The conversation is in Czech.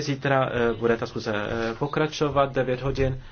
Zítra eh, bude ta schůze eh, pokračovat 9 hodin.